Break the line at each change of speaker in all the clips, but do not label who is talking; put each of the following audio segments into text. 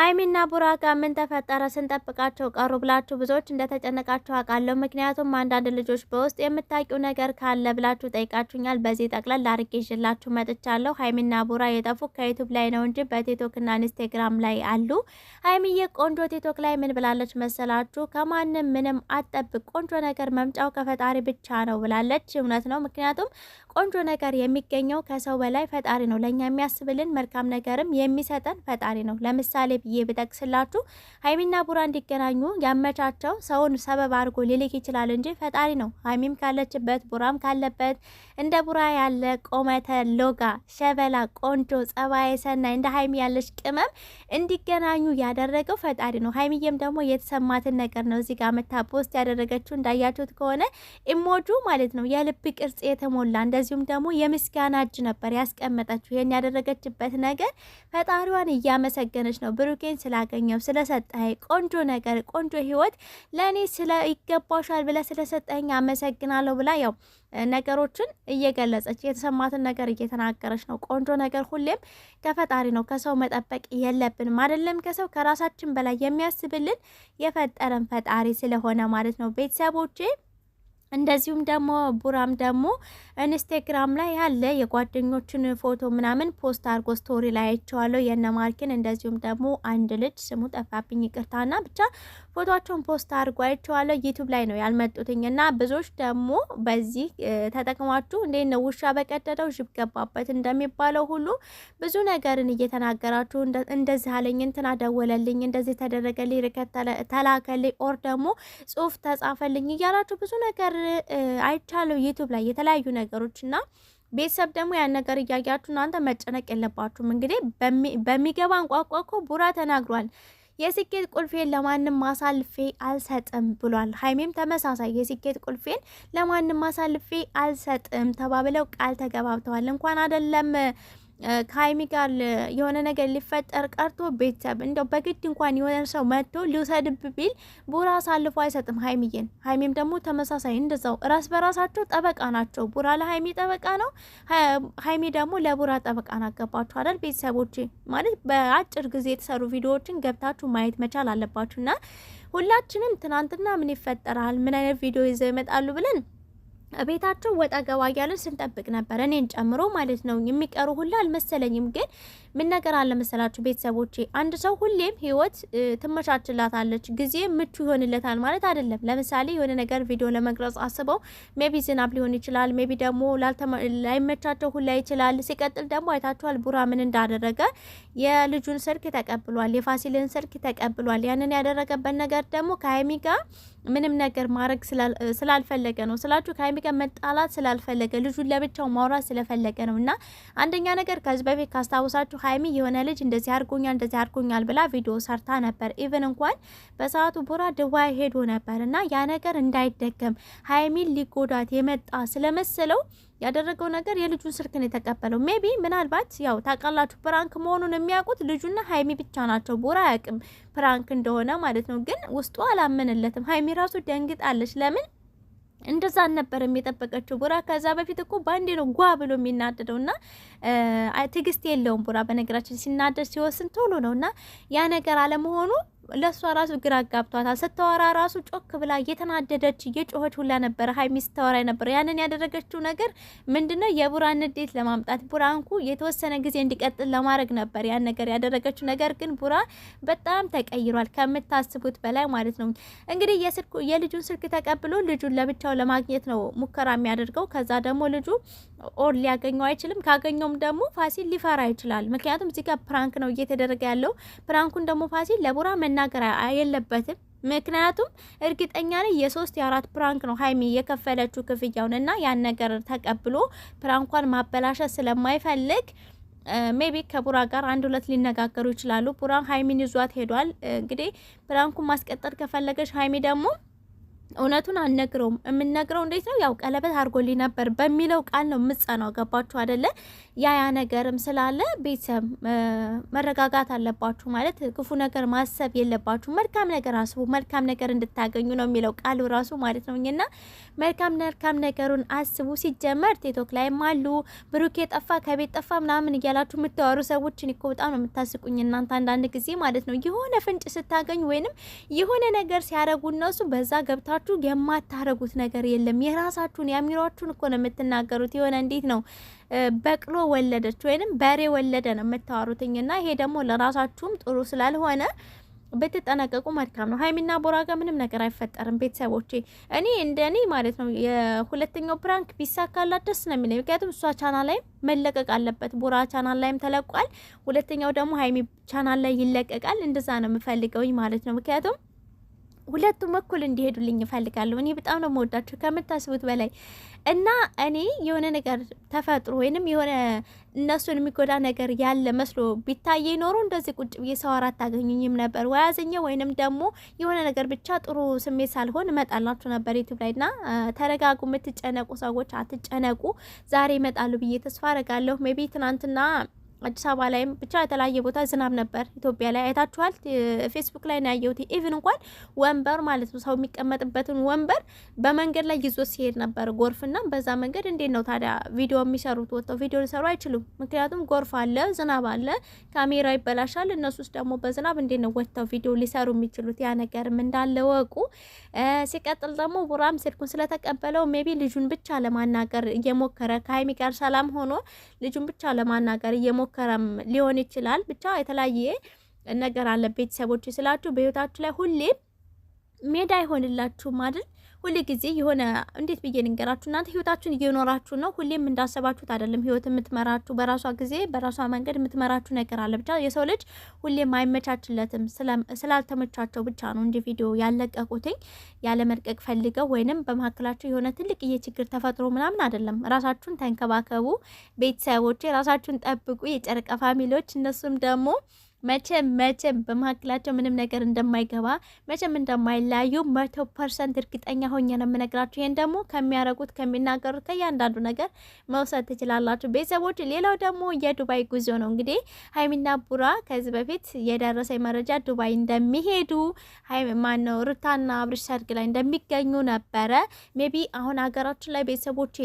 ሀይሚና ጋር ምን ተፈጠረ ስንጠብቃቸው ቀሩ ብላችሁ ብዙዎች እንደተጨነቃችሁ አውቃለሁ። ምክንያቱም አንዳንድ ልጆች በውስጥ የምታውቂው ነገር ካለ ብላችሁ ጠይቃችሁኛል። በዚህ ጠቅለል አድርጌ ይዤላችሁ መጥቻለሁ። ሀይሚና ቡራ የጠፉ ከዩቱብ ላይ ነው እንጂ በቲክቶክና ኢንስቴግራም ላይ አሉ። ሀይሚዬ ቆንጆ ቲክቶክ ላይ ምን ብላለች መሰላችሁ? ከማንም ምንም አጠብቅ ቆንጆ ነገር መምጫው ከፈጣሪ ብቻ ነው ብላለች። እውነት ነው። ምክንያቱም ቆንጆ ነገር የሚገኘው ከሰው በላይ ፈጣሪ ነው። ለእኛ የሚያስብልን መልካም ነገርም የሚሰጠን ፈጣሪ ነው። ለምሳሌ ብዬ ብጠቅስላችሁ ሀይሚና ቡራ እንዲገናኙ ያመቻቸው ሰውን ሰበብ አድርጎ ሊልክ ይችላል እንጂ ፈጣሪ ነው። ሀይሚም ካለችበት ቡራም ካለበት እንደ ቡራ ያለ ቆመተ ሎጋ ሸበላ ቆንጆ ጸባይ ሰናይ እንደ ሀይሚ ያለች ቅመም እንዲገናኙ ያደረገው ፈጣሪ ነው። ሀይሚዬም ደግሞ የተሰማትን ነገር ነው እዚህ ጋር መታ ፖስት ያደረገችው። እንዳያችሁት ከሆነ ኢሞጁ ማለት ነው የልብ ቅርጽ የተሞላ እንደ እንደዚሁም ደግሞ የምስጋና እጅ ነበር ያስቀመጠችው። ይህን ያደረገችበት ነገር ፈጣሪዋን እያመሰገነች ነው። ብሩኬን ስላገኘው ስለሰጠኝ ቆንጆ ነገር ቆንጆ ህይወት ለእኔ ስለ ይገባሻል ብለ ስለሰጠኝ አመሰግናለሁ ብላ ያው ነገሮችን እየገለጸች የተሰማትን ነገር እየተናገረች ነው። ቆንጆ ነገር ሁሌም ከፈጣሪ ነው፣ ከሰው መጠበቅ የለብንም አይደለም። ከሰው ከራሳችን በላይ የሚያስብልን የፈጠረን ፈጣሪ ስለሆነ ማለት ነው ቤተሰቦቼ እንደዚሁም ደግሞ ቡራም ደግሞ ኢንስታግራም ላይ ያለ የጓደኞቹን ፎቶ ምናምን ፖስት አድርጎ ስቶሪ ላይ አይቼዋለሁ የነማርኪን እንደዚሁም ደግሞ አንድ ልጅ ስሙ ጠፋብኝ ይቅርታና ብቻ ፎቶቸውን ፖስት አድርጎ አይቼዋለሁ። ዩቱብ ላይ ነው ያልመጡትኝ እና ብዙዎች ደግሞ በዚህ ተጠቅማችሁ እንዴት ነው ውሻ በቀደደው ዥብ ገባበት እንደሚባለው ሁሉ ብዙ ነገርን እየተናገራችሁ እንደዚህ አለኝ፣ እንትና ደወለልኝ፣ እንደዚህ ተደረገልኝ፣ ርከት ተላከልኝ፣ ኦር ደግሞ ጽሁፍ ተጻፈልኝ እያላችሁ ብዙ ነገር አይቻለሁ ዩቱብ ላይ የተለያዩ ነገሮች እና ቤተሰብ ደግሞ ያን ነገር እያያችሁ እናንተ መጨነቅ የለባችሁም። እንግዲህ በሚገባን ቋንቋ እኮ ቡራ ተናግሯል። የስኬት ቁልፌን ለማንም ማሳልፌ አልሰጥም ብሏል። ሀይሜም ተመሳሳይ የስኬት ቁልፌን ለማንም ማሳልፌ አልሰጥም ተባብለው ቃል ተገባብተዋል። እንኳን አይደለም ከሀይሚ ጋር የሆነ ነገር ሊፈጠር ቀርቶ ቤተሰብ እንደው በግድ እንኳን የሆነ ሰው መጥቶ ሊውሰድብ ቢል ቡራ አሳልፎ አይሰጥም ሀይሚዬን። ሀይሚም ደግሞ ተመሳሳይ እንደዛው ራስ በራሳቸው ጠበቃ ናቸው። ቡራ ለሀይሚ ጠበቃ ነው፣ ሀይሚ ደግሞ ለቡራ ጠበቃ ናት። ገባችሁ አይደል? ቤተሰቦች ማለት በአጭር ጊዜ የተሰሩ ቪዲዮዎችን ገብታችሁ ማየት መቻል አለባችሁና ሁላችንም ትናንትና ምን ይፈጠራል፣ ምን አይነት ቪዲዮ ይዘው ይመጣሉ ብለን ቤታቸው ወጣ ገባ እያለን ስንጠብቅ ነበር፣ እኔን ጨምሮ ማለት ነው። የሚቀሩ ሁላ አልመሰለኝም። ግን ምን ነገር አለመሰላችሁ ቤተሰቦቼ፣ አንድ ሰው ሁሌም ህይወት ትመቻችላታለች፣ ጊዜ ምቹ ይሆንለታል ማለት አይደለም። ለምሳሌ የሆነ ነገር ቪዲዮ ለመቅረጽ አስበው ሜቢ ዝናብ ሊሆን ይችላል፣ ሜቢ ደግሞ ላይመቻቸው ሁላ ይችላል። ሲቀጥል ደግሞ አይታችኋል ቡራ ምን እንዳደረገ የልጁን ስልክ ተቀብሏል፣ የፋሲልን ስልክ ተቀብሏል። ያንን ያደረገበት ነገር ደግሞ ከሀይሚ ጋር ምንም ነገር ማድረግ ስላልፈለገ ነው ስላችሁ፣ ከሀይሚ ጋር መጣላት ስላልፈለገ ልጁን ለብቻው ማውራት ስለፈለገ ነው። እና አንደኛ ነገር ከዚህ በፊት ካስታውሳችሁ ሀይሚ የሆነ ልጅ እንደዚህ አድርጎኛል እንደዚህ አድርጎኛል ብላ ቪዲዮ ሰርታ ነበር። ኢቨን እንኳን በሰዓቱ ቡራ ድዋይ ሄዶ ነበር እና ያ ነገር እንዳይደገም ሀይሚን ሊጎዳት የመጣ ስለመሰለው ያደረገው ነገር የልጁን ስልክ ነው የተቀበለው። ሜቢ ምናልባት ያው ታውቃላችሁ፣ ፕራንክ መሆኑን የሚያውቁት ልጁና ሀይሚ ብቻ ናቸው። ቦራ አያውቅም ፕራንክ እንደሆነ ማለት ነው። ግን ውስጡ አላመነለትም። ሀይሚ ራሱ ደንግጣለች። ለምን እንደዛ ነበር የጠበቀችው ቡራ። ከዛ በፊት እኮ ባንዴ ነው ጓ ብሎ የሚናደደው እና ትግስት የለውም ቡራ። በነገራችን ሲናደድ ሲወስን ቶሎ ነው እና ያ ነገር አለመሆኑ ለእሷ ራሱ ግራ አጋብቷታል። ስታወራ ራሱ ጮክ ብላ እየተናደደች እየጮኸች ሁላ ነበረ ሀይሚ ስታወራ ነበረ። ያንን ያደረገችው ነገር ምንድነው? የቡራን ንዴት ለማምጣት ቡራንኩ የተወሰነ ጊዜ እንዲቀጥል ለማድረግ ነበር ያን ነገር ያደረገችው። ነገር ግን ቡራ በጣም ተቀይሯል ከምታስቡት በላይ ማለት ነው። እንግዲህ የልጁን ስልክ ተቀብሎ ልጁን ለብቻው ለማግኘት ነው ሙከራ የሚያደርገው። ከዛ ደግሞ ልጁ ኦር ሊያገኘው አይችልም። ካገኘውም ደግሞ ፋሲል ሊፈራ ይችላል። ምክንያቱም እዚህ ጋር ፕራንክ ነው እየተደረገ ያለው። ፕራንኩን ደግሞ ፋሲል ለቡራ መናገር የለበትም። ምክንያቱም እርግጠኛ ነኝ የሶስት የአራት ፕራንክ ነው ሀይሚ የከፈለችው ክፍያውን እና ያን ነገር ተቀብሎ ፕራንኳን ማበላሸት ስለማይፈልግ ሜቢ ከቡራ ጋር አንድ ሁለት ሊነጋገሩ ይችላሉ። ቡራ ሀይሚን ይዟት ሄዷል። እንግዲህ ፕራንኩን ማስቀጠል ከፈለገች ሀይሚ ደግሞ እውነቱን አልነግረውም። የምነግረው እንዴት ነው ያው ቀለበት አድርጎልኝ ነበር በሚለው ቃል ነው የምጸናው። ገባችሁ አደለ? ያ ያ ነገርም ስላለ ቤተሰብ መረጋጋት አለባችሁ ማለት ክፉ ነገር ማሰብ የለባችሁ። መልካም ነገር አስቡ፣ መልካም ነገር እንድታገኙ ነው የሚለው ቃሉ ራሱ ማለት ነው። እና መልካም መልካም ነገሩን አስቡ። ሲጀመር ቲክቶክ ላይ አሉ ብሩኬ ጠፋ፣ ከቤት ጠፋ ምናምን እያላችሁ የምታወሩ ሰዎች እኮ በጣም ነው የምታስቁኝ እናንተ አንዳንድ ጊዜ ማለት ነው። የሆነ ፍንጭ ስታገኙ ወይንም የሆነ ነገር ሲያረጉ እነሱ በዛ ገብታ አስባችሁ የማታረጉት ነገር የለም። የራሳችሁን የአሚሯችሁን እኮ ነው የምትናገሩት። የሆነ እንዴት ነው በቅሎ ወለደች ወይንም በሬ ወለደ ነው የምታወሩትኝ እና ይሄ ደግሞ ለራሳችሁም ጥሩ ስላልሆነ ብትጠነቀቁ መልካም ነው። ሀይሚና ቦራ ጋር ምንም ነገር አይፈጠርም። ቤተሰቦቼ እኔ እንደ እኔ ማለት ነው የሁለተኛው ፕራንክ ቢሳካላት ደስ ነው የሚለኝ። ምክንያቱም እሷ ቻናል ላይም መለቀቅ አለበት። ቦራ ቻናል ላይም ተለቋል። ሁለተኛው ደግሞ ሀይሚ ቻናል ላይ ይለቀቃል። እንደዛ ነው የምፈልገውኝ ማለት ነው ምክንያቱም ሁለቱም እኩል እንዲሄዱልኝ እፈልጋለሁ። እኔ በጣም ነው የምወዳችሁ ከምታስቡት በላይ እና እኔ የሆነ ነገር ተፈጥሮ ወይንም የሆነ እነሱን የሚጎዳ ነገር ያለ መስሎ ቢታየ ይኖሩ እንደዚህ ቁጭ ብዬ ሰው አራት አገኙኝም ነበር ወያዘኘ ወይንም ደግሞ የሆነ ነገር ብቻ ጥሩ ስሜት ሳልሆን እመጣላችሁ ነበር ዩቱብ ላይ እና ተረጋጉ፣ የምትጨነቁ ሰዎች አትጨነቁ። ዛሬ ይመጣሉ ብዬ ተስፋ አረጋለሁ ሜቢ ትናንትና አዲስ አበባ ላይም ብቻ የተለያየ ቦታ ዝናብ ነበር። ኢትዮጵያ ላይ አይታችኋል። ፌስቡክ ላይ ነው ያየሁት። ኢቭን እንኳን ወንበር ማለት ነው ሰው የሚቀመጥበትን ወንበር በመንገድ ላይ ይዞ ሲሄድ ነበር ጎርፍና፣ በዛ መንገድ እንዴት ነው ታዲያ ቪዲዮ የሚሰሩት? ወጥተው ቪዲዮ ሊሰሩ አይችሉም። ምክንያቱም ጎርፍ አለ፣ ዝናብ አለ፣ ካሜራ ይበላሻል። እነሱስ ደግሞ በዝናብ እንዴት ነው ወጥተው ቪዲዮ ሊሰሩ የሚችሉት? ያ ነገርም እንዳለ ወቁ። ሲቀጥል ደግሞ ቡራም ስልኩን ስለተቀበለው ሜቢ ልጁን ብቻ ለማናገር እየሞከረ ከሀይሚ ጋር ሰላም ሆኖ ልጁን ብቻ ለማናገር እየሞ እየሞከረም ሊሆን ይችላል። ብቻ የተለያየ ነገር አለ ቤተሰቦች ስላችሁ በህይወታችሁ ላይ ሁሌም ሜዳ አይሆንላችሁም ማድረግ ሁል ጊዜ የሆነ እንዴት ብዬ ንገራችሁ፣ እናንተ ህይወታችሁን እየኖራችሁ ነው። ሁሌም እንዳሰባችሁት አይደለም ህይወት የምትመራችሁ በራሷ ጊዜ በራሷ መንገድ የምትመራችሁ ነገር አለ። ብቻ የሰው ልጅ ሁሌም አይመቻችለትም። ስላልተመቻቸው ብቻ ነው እንጂ ቪዲዮ ያለቀቁትኝ ያለመልቀቅ ፈልገው ወይንም በመካከላቸው የሆነ ትልቅ ችግር ተፈጥሮ ምናምን አይደለም። ራሳችሁን ተንከባከቡ ቤተሰቦቼ፣ ራሳችሁን ጠብቁ የጨረቃ ፋሚሊዎች እነሱም ደግሞ መቼም መቼም በመካከላቸው ምንም ነገር እንደማይገባ መቼም እንደማይለያዩ መቶ ፐርሰንት እርግጠኛ ሆኜ ነው የምነግራችሁ። ይህን ደግሞ ከሚያረጉት ከሚናገሩት ከእያንዳንዱ ነገር መውሰድ ትችላላችሁ ቤተሰቦች። ሌላው ደግሞ የዱባይ ጉዞ ነው። እንግዲህ ሀይሚና ቡራ ከዚህ በፊት የደረሰ መረጃ ዱባይ እንደሚሄዱ ማን ነው ሩታና አብርሽ ሰርግ ላይ እንደሚገኙ ነበረ። ሜቢ አሁን ሀገራችን ላይ ቤተሰቦች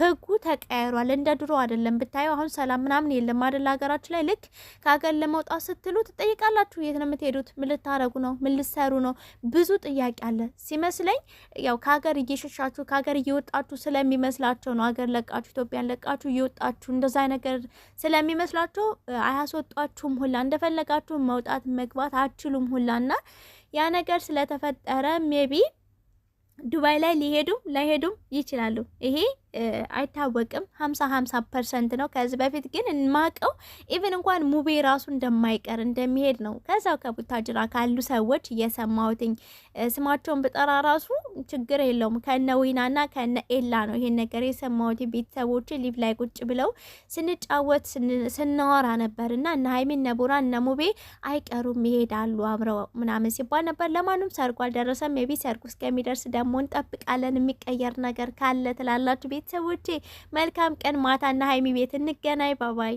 ህጉ ተቀያይሯል። እንደ ድሮ አይደለም ብታየው። አሁን ሰላም ምናምን የለም አይደል ሀገራችን ላይ ልክ ከሀገር ለመውጣት ስትሉ ትጠይቃላችሁ። የት ነው የምትሄዱት? ምን ልታረጉ ነው? ምን ልሰሩ ነው? ብዙ ጥያቄ አለ ሲመስለኝ። ያው ከሀገር እየሸሻችሁ ከሀገር እየወጣችሁ ስለሚመስላቸው ነው። ሀገር ለቃችሁ ኢትዮጵያን ለቃችሁ እየወጣችሁ እንደዛ ነገር ስለሚመስላቸው አያስወጧችሁም ሁላ እንደፈለጋችሁ መውጣት መግባት አችሉም ሁላና ያ ነገር ስለተፈጠረ ሜቢ ዱባይ ላይ ሊሄዱም ላይሄዱም ይችላሉ ይሄ አይታወቅም። ሀምሳ ሀምሳ ፐርሰንት ነው። ከዚህ በፊት ግን ማቀው ኢቨን እንኳን ሙቤ ራሱ እንደማይቀር እንደሚሄድ ነው ከዛው ከቡታጅራ ካሉ ሰዎች እየሰማሁትኝ። ስማቸውን ብጠራ ራሱ ችግር የለውም ከነ ና ከነ ኤላ ነው ይሄን ነገር የሰማሁት። ቤተሰቦች ሊቭ ላይ ቁጭ ብለው ስንጫወት ስናወራ ነበር እና እነ ሀይሚ እነ ቡራ እነ ሙቤ አይቀሩም ይሄዳሉ አብረው ምናምን ሲባል ነበር። ለማንም ሰርጉ አልደረሰም። ቢ ሰርጉ እስከሚደርስ ደግሞ እንጠብቃለን። የሚቀየር ነገር ካለ ትላላችሁ ቤት ቤተሰቦቼ መልካም ቀን። ማታና ሀይሚ ቤት እንገናኝ። ባባይ